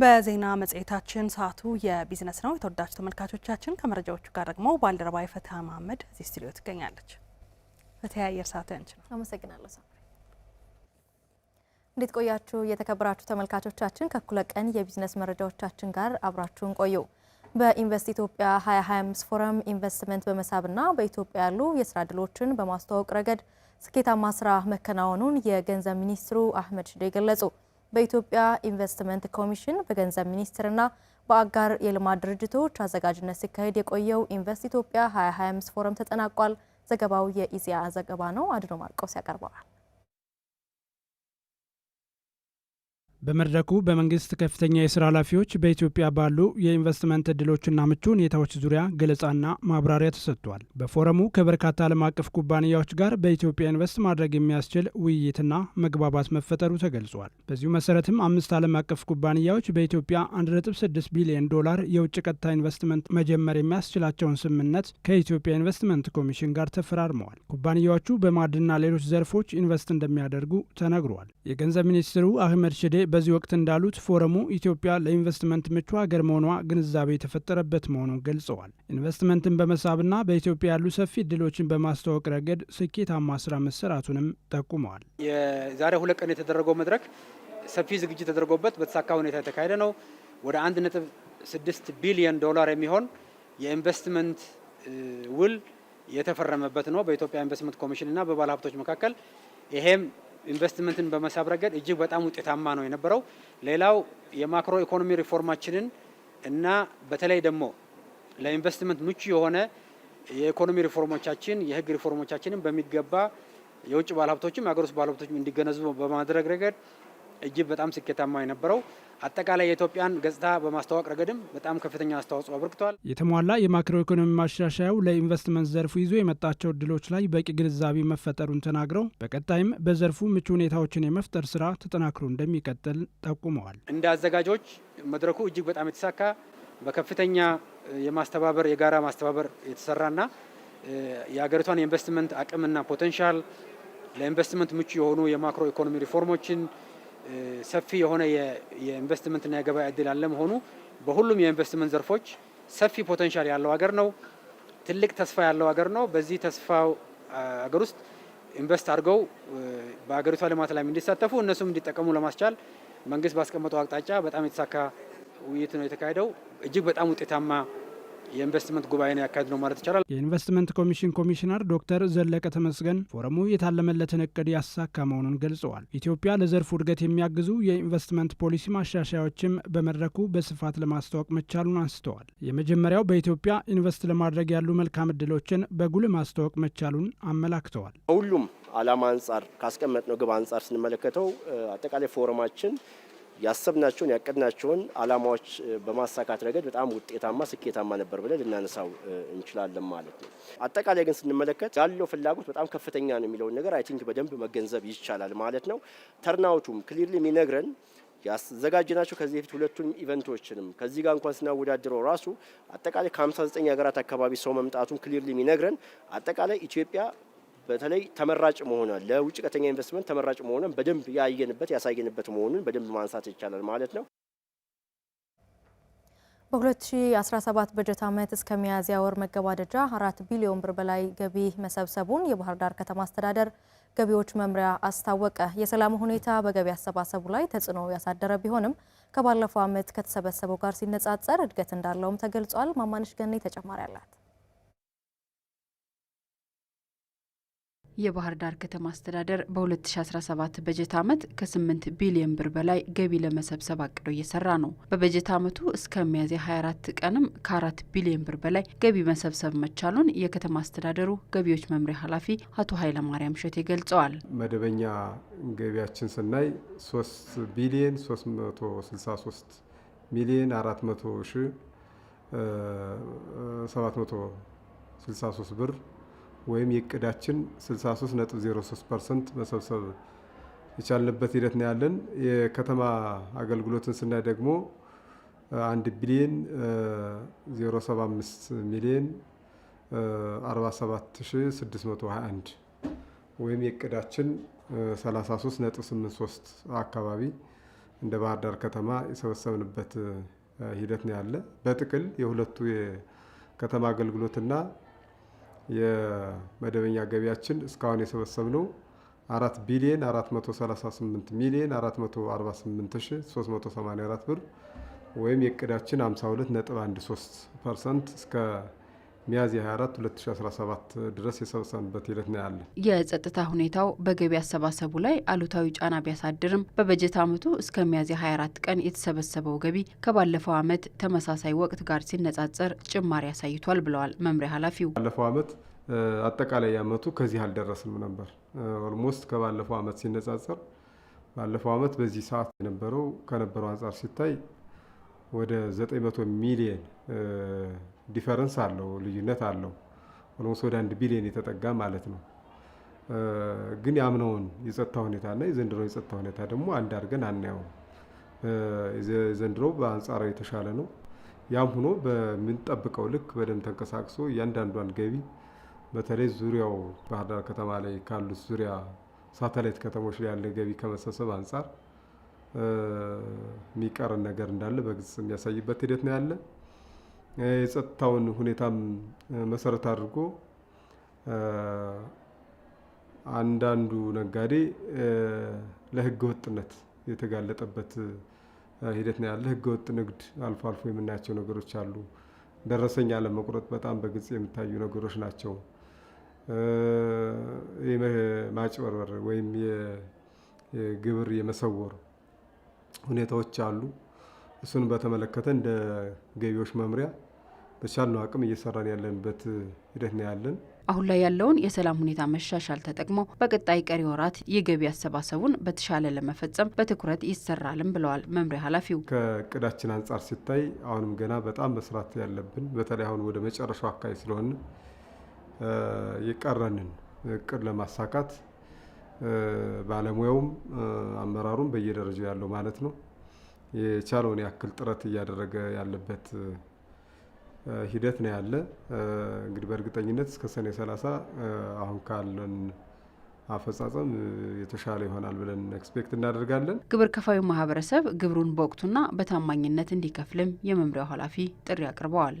በዜና መጽሔታችን ሰዓቱ የቢዝነስ ነው። የተወዳጅ ተመልካቾቻችን ከመረጃዎቹ ጋር ደግሞ ባልደረባ ፈትሀ መሀመድ እዚህ ስቱዲዮ ትገኛለች። ፈትሀ አየር ሰዓት ያንቺ ነው። አመሰግናለሁ። እንዴት ቆያችሁ? የተከበራችሁ ተመልካቾቻችን ከእኩለ ቀን የቢዝነስ መረጃዎቻችን ጋር አብራችሁን ቆዩ። በኢንቨስት ኢትዮጵያ 2025 ፎረም ኢንቨስትመንት በመሳብና በኢትዮጵያ ያሉ የስራ እድሎችን በማስተዋወቅ ረገድ ስኬታማ ስራ መከናወኑን የገንዘብ ሚኒስትሩ አህመድ ሽዴ ገለጹ። በኢትዮጵያ ኢንቨስትመንት ኮሚሽን በገንዘብ ሚኒስቴርና በአጋር የልማት ድርጅቶች አዘጋጅነት ሲካሄድ የቆየው ኢንቨስት ኢትዮጵያ 2025 ፎረም ተጠናቋል። ዘገባው የኢዜአ ዘገባ ነው። አድኖ ማርቆስ ያቀርበዋል። በመድረኩ በመንግስት ከፍተኛ የስራ ኃላፊዎች በኢትዮጵያ ባሉ የኢንቨስትመንት እድሎችና ምቹ ሁኔታዎች ዙሪያ ገለጻና ማብራሪያ ተሰጥቷል። በፎረሙ ከበርካታ ዓለም አቀፍ ኩባንያዎች ጋር በኢትዮጵያ ኢንቨስት ማድረግ የሚያስችል ውይይትና መግባባት መፈጠሩ ተገልጿል። በዚሁ መሰረትም አምስት ዓለም አቀፍ ኩባንያዎች በኢትዮጵያ 1.6 ቢሊዮን ዶላር የውጭ ቀጥታ ኢንቨስትመንት መጀመር የሚያስችላቸውን ስምምነት ከኢትዮጵያ ኢንቨስትመንት ኮሚሽን ጋር ተፈራርመዋል። ኩባንያዎቹ በማዕድና ሌሎች ዘርፎች ኢንቨስት እንደሚያደርጉ ተነግሯል። የገንዘብ ሚኒስትሩ አህመድ ሽዴ በዚህ ወቅት እንዳሉት ፎረሙ ኢትዮጵያ ለኢንቨስትመንት ምቹ ሀገር መሆኗ ግንዛቤ የተፈጠረበት መሆኑን ገልጸዋል። ኢንቨስትመንትን በመሳብና በኢትዮጵያ ያሉ ሰፊ እድሎችን በማስተዋወቅ ረገድ ስኬታማ ስራ መሰራቱንም ጠቁመዋል። የዛሬ ሁለት ቀን የተደረገው መድረክ ሰፊ ዝግጅት ተደርጎበት በተሳካ ሁኔታ የተካሄደ ነው። ወደ አንድ ነጥብ ስድስት ቢሊዮን ዶላር የሚሆን የኢንቨስትመንት ውል የተፈረመበት ነው በኢትዮጵያ ኢንቨስትመንት ኮሚሽን እና በባለሀብቶች መካከል ይሄም ኢንቨስትመንትን በመሳብ ረገድ እጅግ በጣም ውጤታማ ነው የነበረው። ሌላው የማክሮ ኢኮኖሚ ሪፎርማችንን እና በተለይ ደግሞ ለኢንቨስትመንት ምቹ የሆነ የኢኮኖሚ ሪፎርሞቻችን የህግ ሪፎርሞቻችንን በሚገባ የውጭ ባለሀብቶችም የሀገር ውስጥ ባለሀብቶችም እንዲገነዝቡ በማድረግ ረገድ እጅግ በጣም ስኬታማ የነበረው አጠቃላይ የኢትዮጵያን ገጽታ በማስተዋወቅ ረገድም በጣም ከፍተኛ አስተዋጽኦ አበርክተዋል። የተሟላ የማክሮ ኢኮኖሚ ማሻሻያው ለኢንቨስትመንት ዘርፉ ይዞ የመጣቸው እድሎች ላይ በቂ ግንዛቤ መፈጠሩን ተናግረው በቀጣይም በዘርፉ ምቹ ሁኔታዎችን የመፍጠር ስራ ተጠናክሮ እንደሚቀጥል ጠቁመዋል። እንደ አዘጋጆች መድረኩ እጅግ በጣም የተሳካ በከፍተኛ የማስተባበር የጋራ ማስተባበር የተሰራና የሀገሪቷን የኢንቨስትመንት አቅምና ፖቴንሻል ለኢንቨስትመንት ምቹ የሆኑ የማክሮ ኢኮኖሚ ሪፎርሞችን ሰፊ የሆነ የኢንቨስትመንትና የገበያ እድል መሆኑ በሁሉም የኢንቨስትመንት ዘርፎች ሰፊ ፖቴንሻል ያለው ሀገር ነው። ትልቅ ተስፋ ያለው ሀገር ነው። በዚህ ተስፋ ሀገር ውስጥ ኢንቨስት አድርገው በሀገሪቷ ልማት ላይ እንዲሳተፉ እነሱም እንዲጠቀሙ ለማስቻል መንግስት ባስቀመጠው አቅጣጫ በጣም የተሳካ ውይይት ነው የተካሄደው። እጅግ በጣም ውጤታማ የኢንቨስትመንት ጉባኤን ያካሄድ ነው ማለት ይቻላል። የኢንቨስትመንት ኮሚሽን ኮሚሽነር ዶክተር ዘለቀ ተመስገን ፎረሙ የታለመለትን እቅድ ያሳካ መሆኑን ገልጸዋል። ኢትዮጵያ ለዘርፉ እድገት የሚያግዙ የኢንቨስትመንት ፖሊሲ ማሻሻያዎችም በመድረኩ በስፋት ለማስተዋወቅ መቻሉን አንስተዋል። የመጀመሪያው በኢትዮጵያ ኢንቨስት ለማድረግ ያሉ መልካም እድሎችን በጉልህ ማስተዋወቅ መቻሉን አመላክተዋል። ከሁሉም አላማ አንጻር ካስቀመጥነው ግብ አንጻር ስንመለከተው አጠቃላይ ፎረማችን ያሰብናቸውን ያቀድናቸውን አላማዎች በማሳካት ረገድ በጣም ውጤታማ ስኬታማ ነበር ብለን ልናነሳው እንችላለን ማለት ነው። አጠቃላይ ግን ስንመለከት ያለው ፍላጎት በጣም ከፍተኛ ነው የሚለውን ነገር አይ ቲንክ በደንብ መገንዘብ ይቻላል ማለት ነው። ተርናውቱም ክሊርሊ የሚነግረን ያዘጋጀናቸው ከዚህ በፊት ሁለቱም ኢቨንቶችንም ከዚህ ጋር እንኳን ስናወዳድረው ራሱ አጠቃላይ ከ59 ሀገራት አካባቢ ሰው መምጣቱን ክሊርሊ የሚነግረን አጠቃላይ ኢትዮጵያ በተለይ ተመራጭ መሆኗ ለውጭ ቀጥተኛ ኢንቨስትመንት ተመራጭ መሆኗን በደንብ ያየንበት ያሳየንበት መሆኑን በደንብ ማንሳት ይቻላል ማለት ነው። በ2017 በጀት ዓመት እስከ ሚያዝያ ወር መገባደጃ አራት ቢሊዮን ብር በላይ ገቢ መሰብሰቡን የባህር ዳር ከተማ አስተዳደር ገቢዎች መምሪያ አስታወቀ። የሰላም ሁኔታ በገቢ አሰባሰቡ ላይ ተጽዕኖ ያሳደረ ቢሆንም ከባለፈው ዓመት ከተሰበሰበው ጋር ሲነጻጸር እድገት እንዳለውም ተገልጿል። ማማነሽ ገኔ ተጨማሪ አላት። የባህር ዳር ከተማ አስተዳደር በ2017 በጀት ዓመት ከ8 ቢሊዮን ብር በላይ ገቢ ለመሰብሰብ አቅዶ እየሰራ ነው። በበጀት ዓመቱ እስከ ሚያዝያ 24 ቀንም ከ4 ቢሊዮን ብር በላይ ገቢ መሰብሰብ መቻሉን የከተማ አስተዳደሩ ገቢዎች መምሪያ ኃላፊ አቶ ኃይለማርያም ሸቴ ገልጸዋል። መደበኛ ገቢያችን ስናይ 3 ቢሊዮን 363 ሚሊዮን 400 ሺህ 763 ብር ወይም የእቅዳችን 63.03 ፐርሰንት መሰብሰብ የቻልንበት ሂደት ነው ያለን። የከተማ አገልግሎትን ስናይ ደግሞ 1 ቢሊዮን 075 ሚሊዮን 47621 ወይም የእቅዳችን 33.83 አካባቢ እንደ ባህር ዳር ከተማ የሰበሰብንበት ሂደት ነው ያለ። በጥቅል የሁለቱ የከተማ አገልግሎትና የመደበኛ ገቢያችን እስካሁን የሰበሰብነው አራት ቢሊየን 438 ሚሊየን 384 ብር ወይም የእቅዳችን 52.13 ፐርሰንት እስከ ሚያዝያ 24 2017 ድረስ የሰበሰብንበት ሂደት ነው ያለ። የጸጥታ ሁኔታው በገቢ አሰባሰቡ ላይ አሉታዊ ጫና ቢያሳድርም በበጀት ዓመቱ እስከ ሚያዝያ 24 ቀን የተሰበሰበው ገቢ ከባለፈው ዓመት ተመሳሳይ ወቅት ጋር ሲነጻጸር ጭማሪ አሳይቷል ብለዋል መምሪያ ኃላፊው። ባለፈው ዓመት አጠቃላይ ዓመቱ ከዚህ አልደረስም ነበር። ኦልሞስት ከባለፈው ዓመት ሲነጻጸር ባለፈው ዓመት በዚህ ሰዓት የነበረው ከነበረው አንጻር ሲታይ ወደ 900 ሚሊየን ዲፈረንስ አለው ልዩነት አለው። ኦልሞስት ወደ አንድ ቢሊዮን የተጠጋ ማለት ነው። ግን የአምናውን የጸጥታ ሁኔታና የዘንድሮ የጸጥታ ሁኔታ ደግሞ አንድ አድርገን አናየውም። ዘንድሮ በአንጻራዊ የተሻለ ነው። ያም ሆኖ በምንጠብቀው ልክ በደንብ ተንቀሳቅሶ እያንዳንዷን ገቢ በተለይ ዙሪያው ባህር ዳር ከተማ ላይ ካሉት ዙሪያ ሳተላይት ከተሞች ላይ ያለ ገቢ ከመሰብሰብ አንጻር የሚቀርን ነገር እንዳለ በግልጽ የሚያሳይበት ሂደት ነው ያለ። የጸጥታውን ሁኔታም መሰረት አድርጎ አንዳንዱ ነጋዴ ለህገ ወጥነት የተጋለጠበት ሂደት ነው ያለ። ህገ ወጥ ንግድ አልፎ አልፎ የምናያቸው ነገሮች አሉ። ደረሰኝ አለመቁረጥ በጣም በግልጽ የሚታዩ ነገሮች ናቸው። ማጭበርበር ወይም የግብር የመሰወር ሁኔታዎች አሉ። እሱን በተመለከተ እንደ ገቢዎች መምሪያ በቻልነው አቅም እየሰራን ያለንበት ሂደት ነው ያለን። አሁን ላይ ያለውን የሰላም ሁኔታ መሻሻል ተጠቅሞ በቀጣይ ቀሪ ወራት የገቢ አሰባሰቡን በተሻለ ለመፈጸም በትኩረት ይሰራልም ብለዋል መምሪያ ኃላፊው። ከእቅዳችን አንጻር ሲታይ አሁንም ገና በጣም መስራት ያለብን በተለይ አሁን ወደ መጨረሻው አካባቢ ስለሆነ የቀረንን እቅድ ለማሳካት ባለሙያውም አመራሩም በየደረጃው ያለው ማለት ነው የቻለውን ያክል ጥረት እያደረገ ያለበት ሂደት ነው ያለ። እንግዲህ በእርግጠኝነት እስከ ሰኔ 30 አሁን ካለን አፈጻጸም የተሻለ ይሆናል ብለን ኤክስፔክት እናደርጋለን። ግብር ከፋዩ ማህበረሰብ ግብሩን በወቅቱና በታማኝነት እንዲከፍልም የመምሪያው ኃላፊ ጥሪ አቅርበዋል።